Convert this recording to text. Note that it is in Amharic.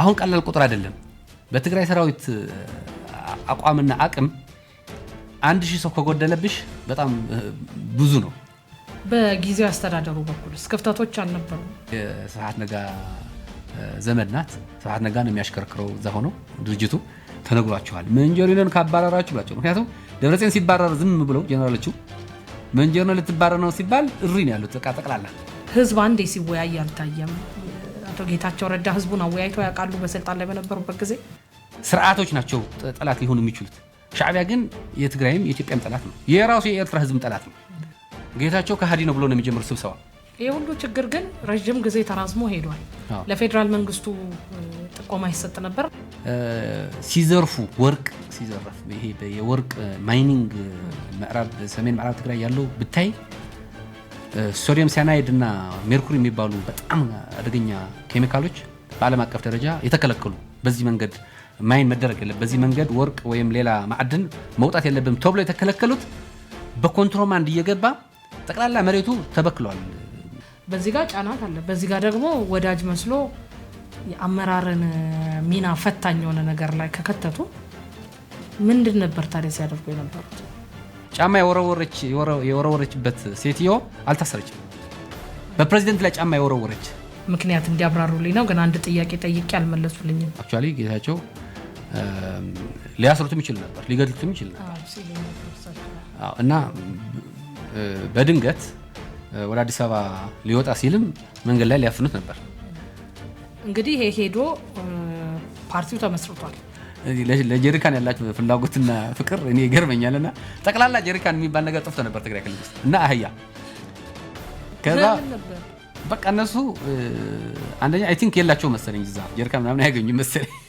አሁን ቀላል ቁጥር አይደለም። በትግራይ ሰራዊት አቋምና አቅም አንድ ሺህ ሰው ከጎደለብሽ በጣም ብዙ ነው። በጊዜው አስተዳደሩ በኩልስ ክፍተቶች አልነበሩ? ስብሐት ነጋ ዘመድ ናት። ስብሐት ነጋ ነው የሚያሽከርክረው። እዛ ሆነው ድርጅቱ ተነግሯቸዋል። መንጀሪኖን ካባረራችሁ ብላቸው። ምክንያቱም ደብረጽዮን ሲባረር ዝም ብለው ጀነራሎቹ መንጀሪኖ ልትባረር ነው ሲባል እሪ ነው ያሉት። ጠቅላላ ህዝብ አንዴ ሲወያይ አልታየም። አቶ ጌታቸው ረዳ ህዝቡን አወያይተው ያውቃሉ? በስልጣን ላይ በነበሩበት ጊዜ ስርዓቶች ናቸው ጠላት ሊሆኑ የሚችሉት። ሻዕቢያ ግን የትግራይም የኢትዮጵያም ጠላት ነው፣ የራሱ የኤርትራ ህዝብም ጠላት ነው። ጌታቸው ከሃዲ ነው ብሎ ነው የሚጀምሩ ስብሰባ። ይህ ሁሉ ችግር ግን ረዥም ጊዜ ተራዝሞ ሄዷል። ለፌዴራል መንግስቱ ጥቆማ ይሰጥ ነበር። ሲዘርፉ ወርቅ ሲዘረፍ ይሄ የወርቅ ማይኒንግ ምዕራብ ሰሜን ምዕራብ ትግራይ ያለው ብታይ ሶዲየም ሳይናይድ እና ሜርኩሪ የሚባሉ በጣም አደገኛ ኬሚካሎች በዓለም አቀፍ ደረጃ የተከለከሉ በዚህ መንገድ ማይን መደረግ የለም በዚህ መንገድ ወርቅ ወይም ሌላ ማዕድን መውጣት የለብም ተብሎ የተከለከሉት በኮንትሮባንድ እየገባ ጠቅላላ መሬቱ ተበክሏል። በዚህ ጋር ጫናት አለ። በዚህ ጋር ደግሞ ወዳጅ መስሎ የአመራርን ሚና ፈታኝ የሆነ ነገር ላይ ከከተቱ ምንድን ነበር ታዲያ ሲያደርጉ የነበሩት? ጫማ የወረወረች የወረወረችበት ሴትዮ አልታሰረችም። በፕሬዚደንት ላይ ጫማ የወረወረች ምክንያት እንዲያብራሩልኝ ነው። ግን አንድ ጥያቄ ጠይቄ አልመለሱልኝም። አክቹዋሊ ጌታቸው ሊያስሩትም ይችል ነበር፣ ሊገድሉትም ይችል ነበር እና በድንገት ወደ አዲስ አበባ ሊወጣ ሲልም መንገድ ላይ ሊያፍኑት ነበር። እንግዲህ ይሄ ሄዶ ፓርቲው ተመስርቷል። ለጀሪካን ያላቸው ፍላጎትና ፍቅር እኔ ይገርመኛል። እና ጠቅላላ ጀሪካን የሚባል ነገር ጠፍቶ ነበር ትግራይ ክልል ውስጥ እና አህያ ከዛ በቃ እነሱ አንደኛ አይ ቲንክ የላቸው መሰለኝ እዛ ጀሪካን ምናምን አያገኙ መሰለኝ